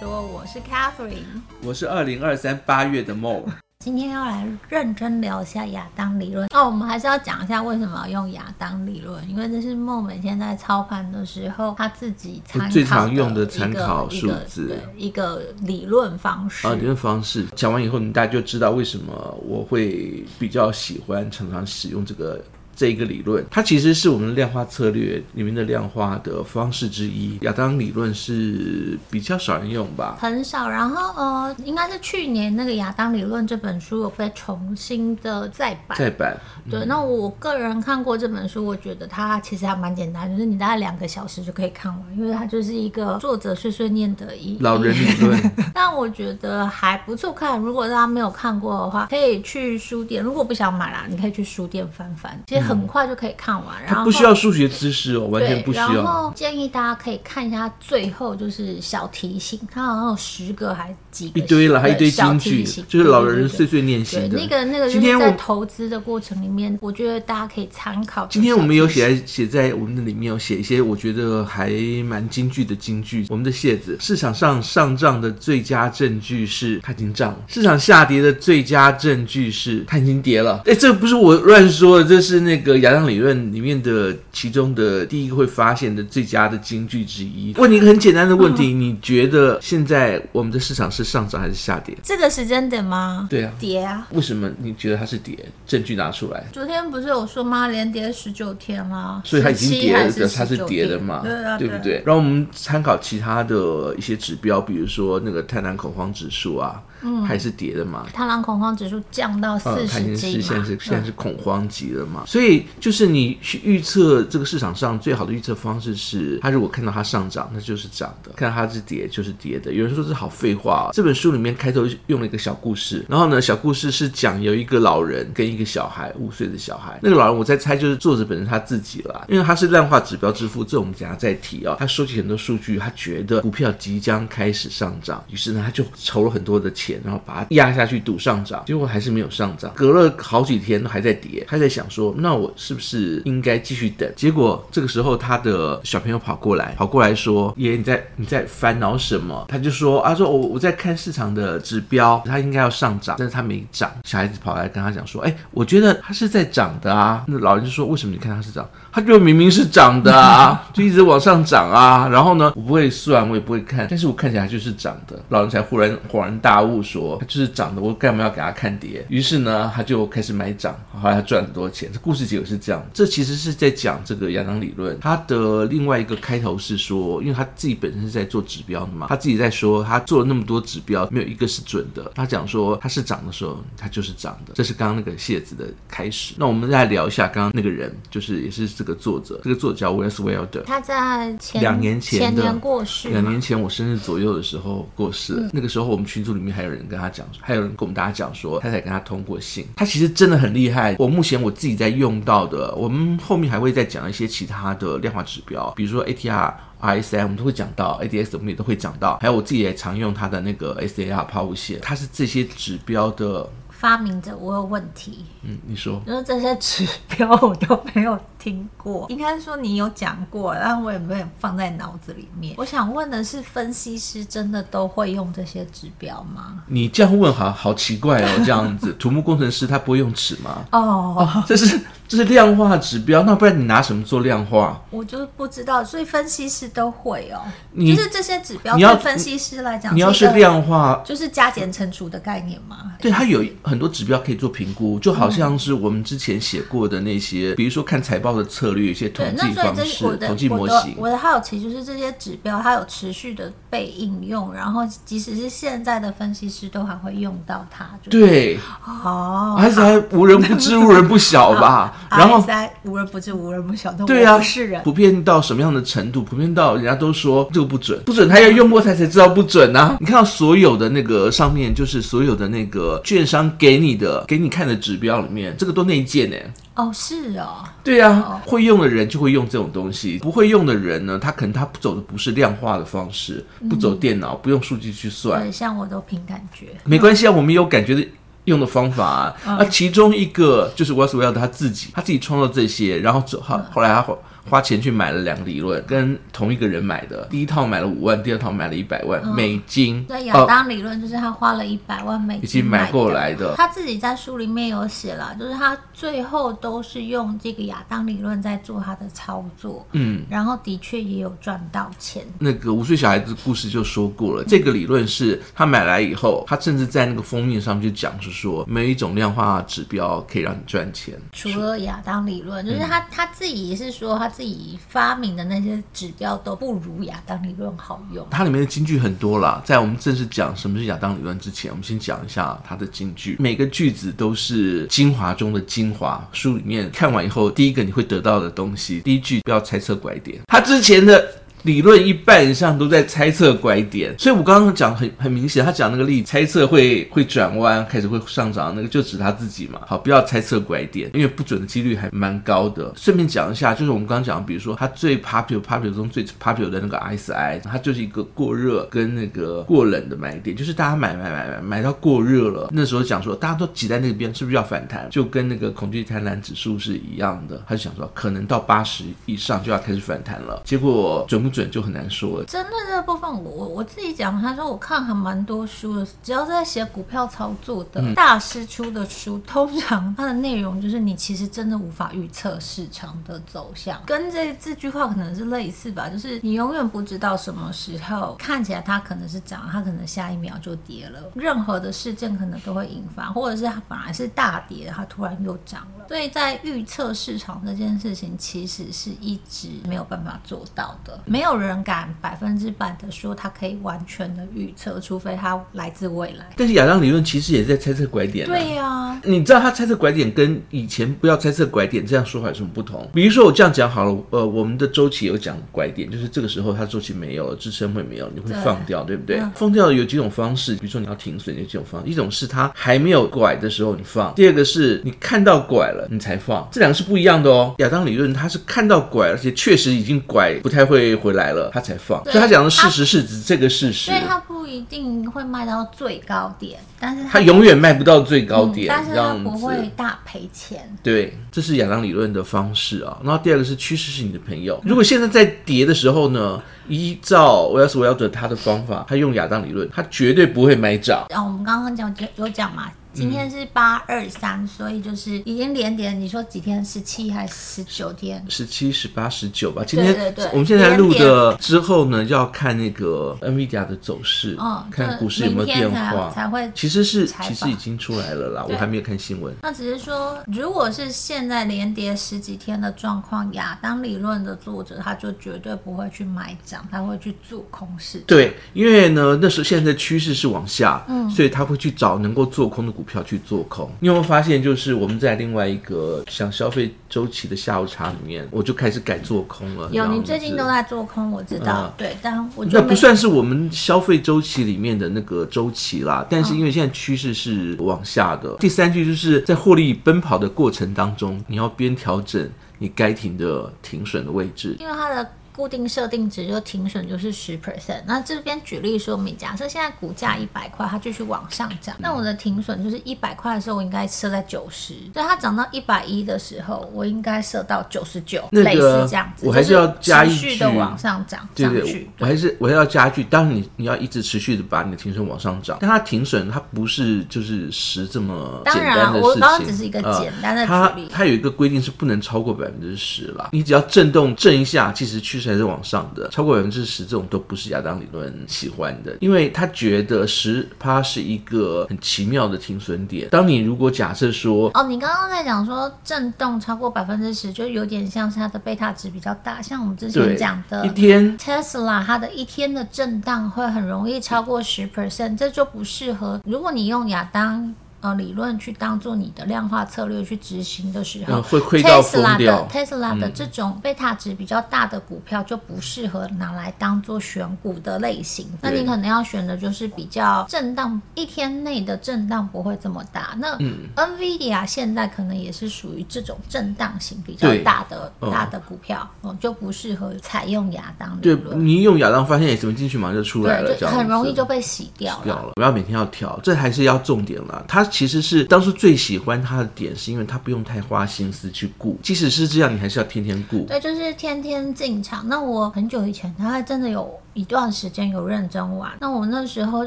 說我是 Catherine，我是二零二三八月的夢。 今天要來認真聊一下亞當理論。那、哦、我們還是要講一下為什麼要用亞當理論，因為這是夢們現在操盤的時候他自己參考最常用的參考數字一個，一，個一個理論方式啊，理論方式講完以後，大家就知道為什麼我會比較喜歡常常使用這個。這一個理論，它其實是我們量化策略裡面的量化的方式之一。亞當理論是比較少人用吧？很少。然後呃，應該是去年那個《亞當理論》這本書有被重新的再版。再版。對。嗯、那我個人看過這本書，我覺得它其實還蠻簡單，就是你大概兩個小時就可以看完，因為它就是一個作者碎碎念的一老人理論。 但我覺得還不錯看。如果大家沒有看過的話，可以去書店。如果不想買啦，你可以去書店翻翻。其實很快就可以看完，然後他不需要數學知識哦，完全不需要。然後建議大家可以看一下，最後就是小提醒，他好像有十個還幾個一堆了，還一堆金句，就是老人碎碎念，的那個那個今天在投資的過程裡面，我，我覺得大家可以參考。今天我們有寫寫在我們的裡面，哦，有寫一些我覺得還蠻金句的金句。我們的蟹子，市場上上漲的最佳證據是它已經漲了；市場下跌的最佳證據是它已經跌了。哎，這不是我亂說的，這是那。那個亞當理論裡面的其中的第一個會發現的最佳的金句之一。問你一個很簡單的問題：你覺得現在我們的市場是上漲還是下跌？這個時間點嗎？對啊，跌啊。為什麼你覺得它是跌？證據拿出來。昨天不是有說嗎？連跌十九天了，所以它已經跌的，它是跌的嘛，對啊，對不對？然後我們參考其他的一些指標，比如說那個貪婪恐慌指數啊，嗯，還是跌的嘛。貪婪恐慌指數降到四十級，現在是現在是恐慌級了嘛，所以。所以就是你去預測這個市場上最好的預測方式是，他如果看到它上漲，那就是漲的；看到它是跌，就是跌的。有人說這好廢話哦。這本書裡面開頭用了一個小故事，然後呢，小故事是講有一個老人跟一個小孩，五歲的小孩。那個老人我在猜就是作者本人他自己了，因為他是量化指標之父，這我們等下再提啊。他收集很多數據，他覺得股票即將開始上漲，於是呢他就籌了很多的錢，然後把它壓下去賭上漲，結果還是沒有上漲。隔了好幾天還在跌，他在想說那。那我是不是應該繼續等？結果這個時候，他的小朋友跑過來，跑過來說：“爺爺，你在你在煩惱什麼？”他就說：“啊，說我我在看市場的指標，它應該要上漲，但是它沒漲。”小孩子跑來跟他講說：“哎、欸，我覺得它是在漲的啊！”那老人就說：“為什麼你看它是漲？它就明明是漲的啊， 就一直往上漲啊！”然後呢，我不會算，我也不會看，但是我看起來就是漲的。老人才忽然恍然大悟說：“他就是漲的，我幹嘛要給他看跌？”於是呢，他就開始買漲，後來賺了很多錢。這故事。自己是這樣，這其實是在講這個亞當理論。他的另外一個開頭是說，因為他自己本身是在做指標的嘛，他自己在說他做了那麼多指標，沒有一個是準的。他講說，他是漲的時候，他就是漲的。這是剛剛那個蟹子的開始。那我們再來聊一下剛剛那個人，就是也是這個作者，這個作者叫 Wes Wilder。他在前兩年前的前年過世，兩年前我生日左右的時候過世。嗯、那個時候我們群組裡面還有人跟他講，還有人跟我們大家講說，他才跟他通過信。他其實真的很厲害。我目前我自己在用。用到的，我們後面還會再講一些其他的量化指標，比如說 ATR、RSI，我們都會講到，ADS 我們也都會講到，還有我自己也常用它的那個 SAR 拋物線，它是這些指標的發明者，我有問題。嗯，你說，就是這些指標我都沒有聽過。應該說你有講過，但我也沒有放在腦子裡面。我想問的是，分析師真的都會用這些指標嗎？你這樣問好，好好奇怪哦， 這樣子。土木工程師他不會用尺嗎？哦，oh, oh, 這是這是量化指標。 那不然你拿什麼做量化？我就是不知道。所以分析師都會哦。你就是這些指標，對分析師來講要，你要是量化，就是加減乘除的概念嗎？ 對，它有。很多指標可以做評估，就好像是我們之前寫過的那些，比如說看財報的策略，一些統計方式、統計模型。我的好奇就是，這些指標它有持續的被應用，然後即使是現在的分析師都還會用到它。對，哦，還是還無人不知、無人不曉吧？然後無人不知、無人不曉。對呀，是普遍到什麼樣的程度？普遍到人家都說這個不準，不準，他要用過才才知道不準呢。你看到所有的那個上面，就是所有的那個券商。給你的，給你看的指標裡面，這個都內建呢、欸。哦，oh，是哦。對啊，oh。會用的人就會用這種東西，不會用的人呢，他可能他不走的不是量化的方式，嗯、不走電腦，不用數據去算。對，像我都憑感覺。沒關係啊，嗯、我們有感覺的用的方法啊。嗯、啊，其中一個就是 Welles Wilder 他自己，他自己創造這些，然後走好，嗯、後來他。花錢去買了兩個理論，跟同一個人買的，第一套買了五萬，第二套買了一百萬、嗯、美金。對亞當理論，就是他花了一百萬美金買，已經買過來的。他自己在書裡面有寫了，就是他最後都是用這個亞當理論在做他的操作。嗯，然後的確也有賺到錢。那個五歲小孩子故事就說過了，這個理論是他買來以後，他甚至在那個封面上就講是說，沒有一種量化指標可以讓你賺錢，除了亞當理論，是就是他、嗯、他自己也是說他。自己發明的那些指標都不如亞當理論好用。它裡面的金句很多啦，在我們正式講什麼是亞當理論之前，我們先講一下它的金句。每個句子都是精華中的精華。書裡面看完以後，第一個你會得到的東西，第一句，不要猜測拐點，它之前的。理論一半以上都在猜測拐點，所以我們剛剛講很很明顯，他講那個例子，猜測會會轉彎，開始會上漲，那個就指他自己嘛。好，不要猜測拐點，因為不準的幾率還蠻高的。順便講一下，就是我們剛剛講，比如說它最 popular popular 中最 popular 的那個 RSI，它就是一個過熱跟那個過冷的買點，就是大家買買買買買到過熱了，那時候講說大家都擠在那邊，是不是要反彈？就跟那個恐懼貪婪指數是一樣的，他就想說可能到八十以上就要開始反彈了，結果準不？準就很難說了。真的這個部分，我我我自己講，他說我看還蠻多書的，只要在寫股票操作的、嗯、大師出的書，通常它的內容就是你其實真的無法預測市場的走向，跟這這句話可能是類似吧，就是你永遠不知道什麼時候看起來它可能是漲，它可能下一秒就跌了。任何的事件可能都會引發，或者是它本來是大跌，它突然又漲了。所以在預測市場這件事情，其實是一直沒有辦法做到的。沒有人敢百分之百的說他可以完全的預測，除非他來自未來。但是亞當理論其實也在猜測拐點、啊。對呀、啊，你知道他猜測拐點跟以前不要猜測拐點這樣說法有什麼不同？比如說我這樣講好了，呃，我們的周期有講拐點，就是這個時候它周期沒有了，支撐會沒有，你會放掉，對，對不對？嗯、放掉有幾種方式，比如說你要停損，有幾種方。一種是他還沒有拐的時候你放，第二個是你看到拐了你才放，這兩個是不一樣的哦。亞當理論他是看到拐，而且確實已經拐，不太會。回來了，他才放。對所以，他講的是事實是指他這個事實。所以，他不一定會賣到最高點，但是他，他永遠賣不到最高點，嗯、但是他不會大賠錢。對，這是亞當理論的方式啊。那第二個是趨勢是你的朋友。嗯、如果現在在跌的時候呢，依照威爾斯威爾德他的方法，他用亞當理論，他絕對不會買漲。然後、哦、我們剛剛講有講嘛。今天是八二三，所以就是已經連跌。你說幾天？十七還是十九天？十七、十八、十九吧。今天，對對對，我們現在錄的之後呢，疊要看那個 Nvidia 的走勢，嗯、看股市有沒有變化。嗯、才才會其實是其實已經出來了啦，對我還沒有看新聞。那只是說，如果是現在連跌十幾天的狀況呀，亞當理論的作者他就絕對不會去買漲，他會去做空市。對，因為呢，那時候現在的趨勢是往下，嗯、所以他會去找能夠做空的股。票去做空，你有沒有發現？就是我們在另外一個像消費週期的下午茶裡面，我就開始改做空了。有，你最近都在做空，我知道。嗯、對，但我覺得那不算是我們消費週期裡面的那個週期啦。但是因為現在趨勢是往下的，哦、第三句就是在獲利奔跑的過程當中，你要邊調整你該停的停損的位置，因為它的。固定設定值就停損就是十 percent，那這邊舉例說明，假設現在股價一百塊，它繼續往上漲，那我的停損就是一百塊的時候，我應該設在九十。那它漲到一百一的時候，我應該設到九十九，類似這樣子。我還是要加一句持續的往上漲，對,對對，對我還是我還要加一句，但是你你要一直持續的把你的停損往上漲。但它停損它不是就是十這麼簡單的事情，剛剛、啊、只是一個簡單的、嗯、它它有一個規定是不能超過百分之十啦，你只要震動震一下，其實去。還是往上的，超過百分之十這種都不是亞當理論喜歡的，因為他覺得十趴是一個很奇妙的停損點。當你如果假設說，哦，你剛剛在講說，震動超過百分之十，就有點像是它的貝塔值比較大，像我們之前講的，一天 Tesla，它的一天的震盪會很容易超過十 percent，這就不適合。如果你用亞當。呃，理論去當做你的量化策略去執行的時候，會虧錢的，特斯拉的 Tesla 的這種貝塔值比較大的股票就不適合拿來當做選股的類型。對那你可能要選的就是比較震盪，一天內的震盪不會這麼大。那 Nvidia 現在可能也是屬於這種震盪型比較大的對大的股票，哦、嗯，就不適合採用亞當理論。你用亞當發現，你什麼進去馬上就出來了，就很容易就被洗掉了。不要每天要調，這還是要重點了。它。其實是當初最喜歡它的點，是因為它不用太花心思去顧。即使是這樣，你還是要天天顧。對，就是天天進場。那我很久以前，他還真的有一段時間有認真玩。那我那時候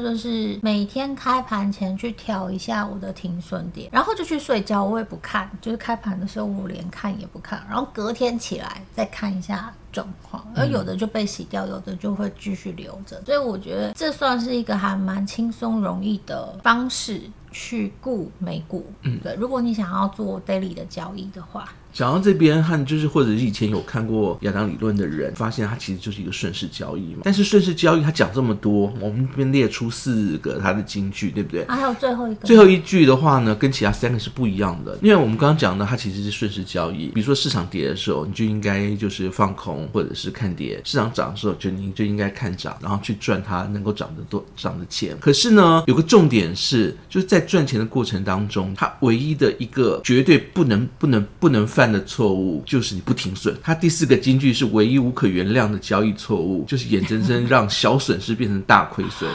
就是每天開盤前去調一下我的停損點，然後就去睡覺，我也不看。就是開盤的時候我連看也不看，然後隔天起來再看一下狀況。而有的就被洗掉，有的就會繼續留着。所以我覺得這算是一個還蠻輕鬆容易的方式。去雇美股，嗯，對。如果你想要做 daily 的交易的話。講到這邊和就是，或者是以前有看過亞當理論的人，發現他其實就是一個順勢交易嘛。但是順勢交易，他講這麼多，我們這邊列出四個他的金句，對不對？啊，還有最後一個。最後一句的話呢，跟其他三個是不一樣的，因為我們剛剛講的，它其實是順勢交易。比如說市場跌的時候，你就應該就是放空或者是看跌；市場漲的時候，就你就應該看漲，然後去賺它能夠漲得多漲的錢。可是呢，有個重點是，就是在賺錢的過程當中，它唯一的一個絕對不能、不能、不能犯。的錯誤就是你不停損。他第四個金句是唯一無可原諒的交易錯誤，就是眼睜睜讓小損失變成大虧損。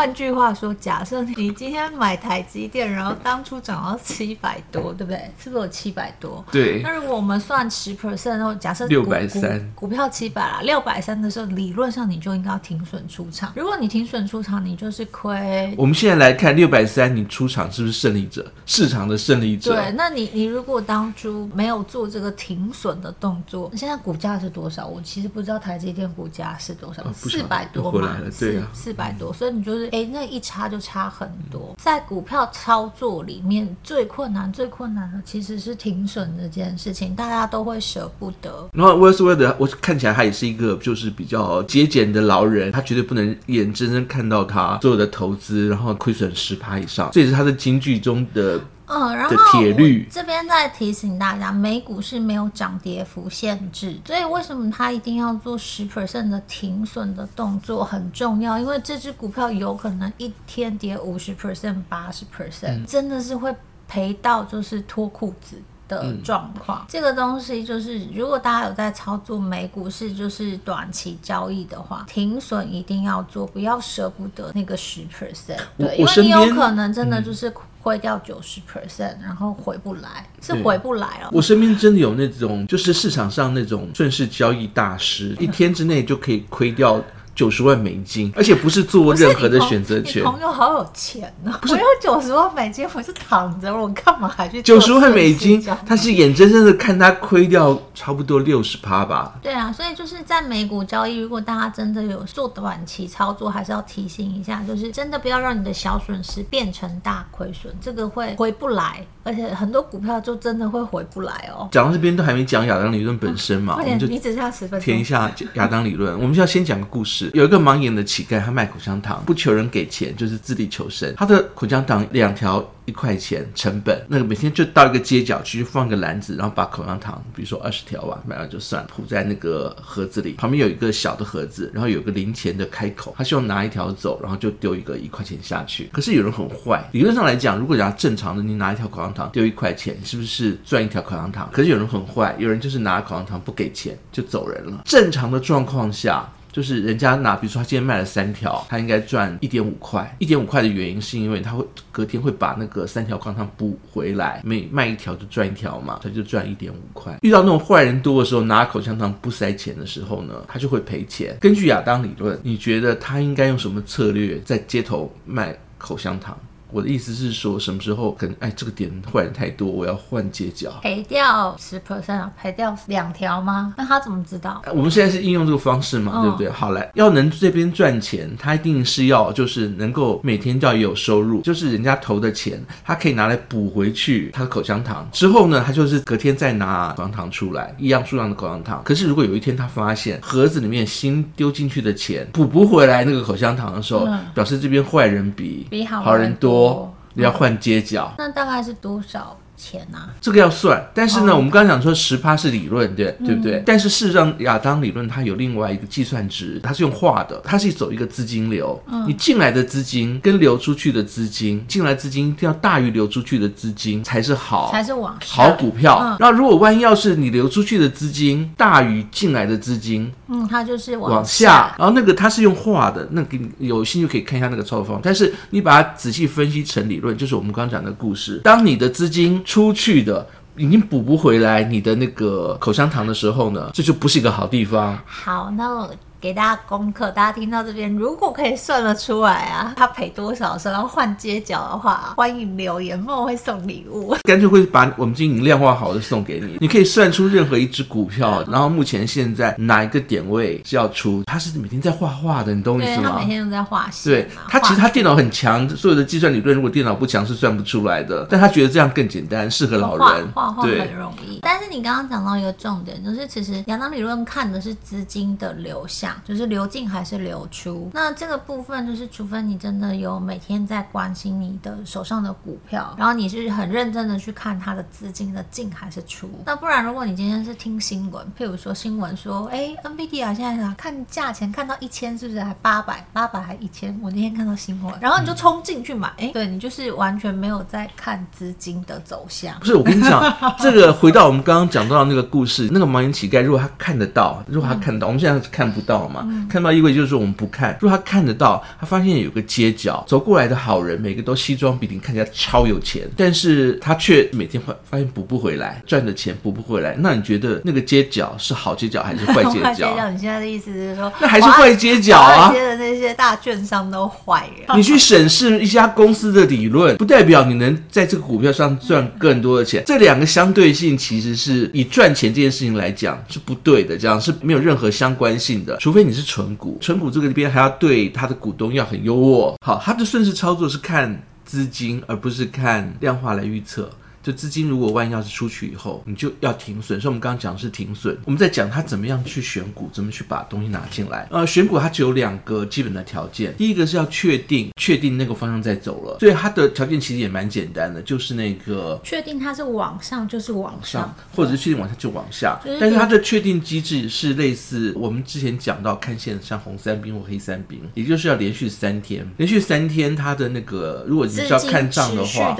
換句話說，假設你今天買台積電，然後當初漲到七百多，對不對？是不是有七百多？對。那如果我們算十 percent，然後假設六百三，股票七百，六百三的時候，理論上你就應該要停損出場。如果你停損出場，你就是虧。我們現在來看六百三，你出場是不是勝利者？市場的勝利者。對。那你你如果當初沒有做這個停損的動作，你現在股價是多少？我其實不知道台積電股價是多少，四百、哦、多嘛，四四百多，嗯、所以你就是。哎，那一差就差很多、嗯。在股票操作裡面，最困難、最困難的其實是停損這件事情，大家都會舍不得。然後威爾斯威德，我看起來他也是一個就是比較節儉的老人，他絕對不能眼睜睜看到他所有的投資然後虧損十趴以上，這也是他的金句中的。嗯，然後這邊再提醒大家，美股是沒有漲跌幅限制，所以為什麼它一定要做十 percent 的停損的動作很重要？因為這隻股票有可能一天跌五十 percent、八十 percent，真的是會賠到就是脫褲子的狀況。嗯、這個東西就是，如果大家有在操作美股是就是短期交易的話，停損一定要做，不要捨不得那個十 percent，對，因為你有可能真的就是、嗯。虧掉九十 percent，然後回不來，是回不來了。我身邊真的有那種，就是市場上那種順勢交易大師，一天之內就可以虧掉九十萬美金，而且不是做任何的選擇權。朋友，朋友好有錢吶、哦。是我有九十萬美金，我是躺着，我幹嘛還去？九十萬美金，他是眼睜睜的看他虧掉差不多六十趴吧？對啊，所以就是在美股交易，如果大家真的有做短期操作，還是要提醒一下，就是真的不要讓你的小損失變成大虧損，這個會回不來，而且很多股票就真的會回不來哦。講到這邊都還沒講亞當理論本身嘛， 快點，你只是要十分填一下亞當理論。 理論我們需要先講個故事。有一個盲眼的乞丐，他賣口香糖，不求人給錢，就是自力求生。他的口香糖兩條一塊錢，成本那個每天就到一個街角去，去放一個籃子，然後把口香糖，比如說二十條吧、啊，買了就算，鋪在那個盒子裡，旁邊有一個小的盒子，然後有一個零錢的開口。他希望拿一條走，然後就丟一個一塊錢下去。可是有人很壞，理論上來講，如果人家正常的，你拿一條口香糖丟一塊錢，是不是賺一條口香糖？可是有人很壞，有人就是拿口香糖不給錢就走人了。正常的狀況下。就是人家拿，比如說他今天賣了三條，他應該賺一點五塊。一點五塊的原因是因為他會隔天會把那個三條口香糖補回來，每賣一條就賺一條嘛，他就賺一點五塊。遇到那種壞人多的時候，拿口香糖不塞錢的時候呢，他就會賠錢。根據亞當理論，你覺得他應該用什麼策略在街頭賣口香糖？我的意思是說，什麼時候可能哎，這個點壞人太多，我要換街角，賠掉十 percent 啊，賠掉兩條嗎？那他怎麼知道？呃、我們現在是應用這個方式嘛，嗯、對不對？好來，要能這邊賺錢，他一定是要就是能夠每天要有收入，就是人家投的錢，他可以拿來補回去他的口香糖。之後呢，他就是隔天再拿口香糖出來一樣數量的口香糖。可是如果有一天他發現盒子裡面新丟進去的錢補不回來那個口香糖的時候，嗯、表示這邊壞人比比好人多。哦，你要換街角，嗯，那大概是多少？錢吶、啊，這個要算，但是呢，oh、my 我們剛剛講說十趴是理論對、嗯、對不對？但是事實上，亞當理論它有另外一個計算值，它是用畫的，它是走一個資金流。嗯、你進來的資金跟流出去的資金，進來資金一定要大於流出去的資金才是好，才是往好股票。那、嗯、如果萬一要是你流出去的資金大於進來的資金，嗯，它就是往下，往下。然後那個它是用畫的，那給、個、你有興趣可以看一下那個操作方法，但是你把它仔細分析成理論，就是我們剛剛講的故事。當你的資金、哎出去的已經補不回來，你的那個口香糖的時候呢，這就不是一個好地方。好，那我。給大家功課，大家聽到這邊，如果可以算得出來啊，他賠多少，然後換街角的話，歡迎留言，我會送禮物。乾脆會把我們經營量化好的送給你， 你可以算出任何一隻股票， 然後目前現在哪一個點位是要出，他是每天在畫畫的，你懂我意思嗎？對他每天都在畫線。對他，其實他電腦很強，所有的計算理論，如果電腦不強是算不出來的。但他覺得這樣更簡單，適合老人、哦畫。畫畫對很容易。但是你剛剛講到一個重點，就是其實亞當理論看的是資金的流向。就是流進還是流出？那這個部分就是，除非你真的有每天在關心你的手上的股票，然後你是很認真的去看它的資金的進還是出。那不然，如果你今天是聽新聞，譬如說新聞說，哎，NVIDIA 啊，現在看價錢看到一千，是不是還八百？八百還一千？我那天看到新聞，然後你就衝進去買，哎、嗯，對你就是完全沒有在看資金的走向。不是，我跟你講，這個回到我們剛剛講到的那個故事， 那個盲人乞丐，如果他看得到，如果他看到，嗯、我們現在看不到。嘛，嗯、看到衣櫃就是說我們不看。如果他看得到，他發現有個街角走過來的好人，每個都西裝筆挺，看起來超有錢，但是他卻每天會發現補不回來賺的錢，補不回來。那你覺得那個街角是好街角還是壞街角？壞街角，你現在的意思是說，那還是壞街角啊？啊啊街的那些大券商都壞了。你去審視一家公司的理論，不代表你能在這個股票上賺更多的錢。嗯嗯、這兩個相對性，其實是以賺錢這件事情來講是不對的，這樣是沒有任何相關性的。除非你是純股，純股這個裡邊還要對它的股東要很優渥。好，它的順勢操作是看資金，而不是看量化來預測。就資金如果萬一要是出去以後，你就要停損。所以，我們剛剛講的是停損。我們在講他怎麼樣去選股，怎麼去把東西拿進來。呃，選股它只有兩個基本的條件：第一個是要確定確定那個方向在走了，所以它的條件其實也蠻簡單的，就是那個確定它是往上就是往上，或者是確定往下就往下。對。但是它的確定機制是類似我們之前講到看線，像紅三兵或黑三兵，也就是要連續三天，連續三天它的那個，如果你是要看漲的話，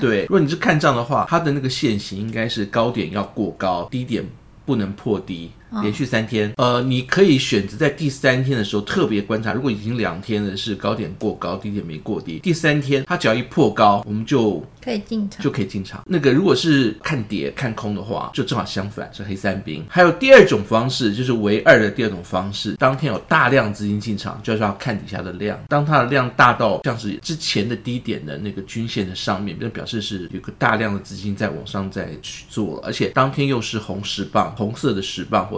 對，如果你是看漲。這樣的話，它的那個線型應該是高點要過高，低點不能破低。連續三天，哦、呃，你可以選擇在第三天的時候特別觀察。如果已經兩天的是高點過高，低點沒過低，第三天它只要一破高，我們就可以進場，就可以進場。那個如果是看跌看空的話，就正好相反是黑三兵。還有第二種方式，就是唯二的第二種方式，當天有大量資金進場，就是要看底下的量。當它的量大到像是之前的低點的那個均線的上面，就表示是有個大量的資金在往上再去做了，而且當天又是紅實棒，紅色的實棒或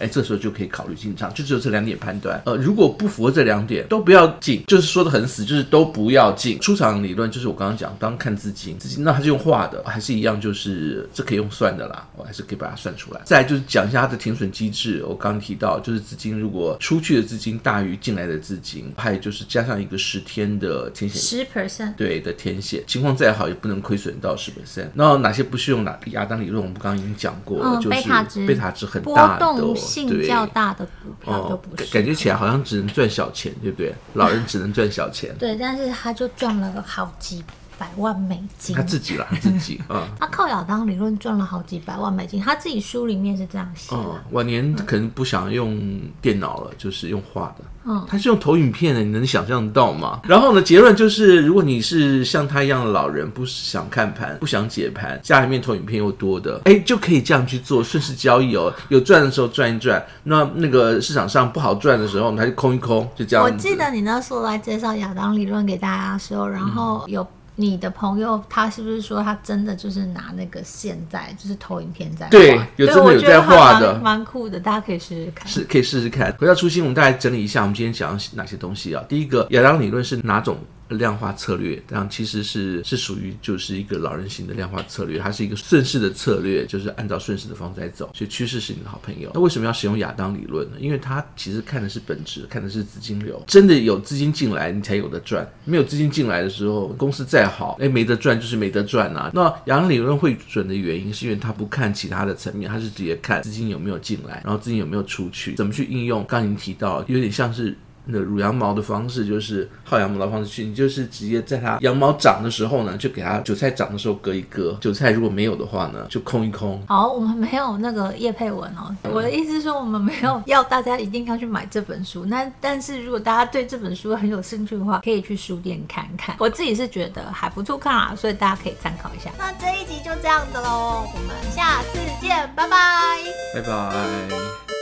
哎，這個、時候就可以考慮進場，就只有這兩點判斷。呃，如果不符合這兩點，都不要進，就是說的很死，就是都不要進。出場理論就是我剛剛講，當看資金，資金那還是用畫的，還是一樣，就是這可以用算的啦，我還是可以把它算出來。再來就是講一下它的停損機制，我剛剛提到，就是資金如果出去的資金大於進來的資金，還有就是加上一個十天的天險，十 percent，對的天險，情況再好也不能虧損到十 percent。那哪些不適用、啊？哪亞當理論我們剛剛已經講過了，嗯、就是貝塔，貝塔值很大的。性較大的股票就不是，感覺起來好像只能賺小錢，嗯、對不對？老人只能賺小錢。對，但是他就賺了個好幾百萬美金，他自己啦，他自己啊， 嗯、他靠亞當理論賺了好幾百萬美金。他自己書裡面是這樣寫的、嗯：晚年可能不想用電腦了，就是用畫的。嗯，他是用投影片的，你能想象得到嗎？然後呢，結論就是，如果你是像他一樣的老人，不想看盤，不想解盤，家裡面投影片又多的，哎、欸，就可以這樣去做順勢交易哦、喔。有賺的時候賺一賺，那那個市場上不好賺的時候，我們還就空一空，就這樣。我記得你那時候來介紹亞當理論給大家的時候，然後有。你的朋友他是不是說他真的就是拿那個線在就是投影片在畫？對，有真的有在畫的蠻，蠻酷的，大家可以試試看，是，可以試試看。回到初心，我們大概整理一下，我們今天講哪些東西啊？第一個，亞當理論是哪種？量化策略，這樣其實是是屬於就是一個老人型的量化策略，它是一個順勢的策略，就是按照順勢的方向走，所以趨勢是你的好朋友。那為什麼要使用亞當理論呢？因為它其實看的是本質，看的是資金流，真的有資金進來，你才有得賺；沒有資金進來的時候，公司再好，誒、哎，沒得賺，就是沒得賺啊。那亞當理論會準的原因，是因為他不看其他的層面，他是直接看資金有沒有進來，然後資金有沒有出去，怎麼去應用？剛才您提到，有點像是。那乳羊毛的方式就是薅羊毛的方式去，你就是直接在它羊毛長的時候呢，就給它韭菜長的時候割一割；韭菜如果沒有的話呢，就空一空。好，我們沒有那個業配文哦。嗯、我的意思是說，我們沒有要大家一定要去買這本書。那但是如果大家對這本書很有興趣的話，可以去書店看看。我自己是覺得還不錯看啊，所以大家可以參考一下。那這一集就這樣子嘍，我們下次見，拜拜，拜拜。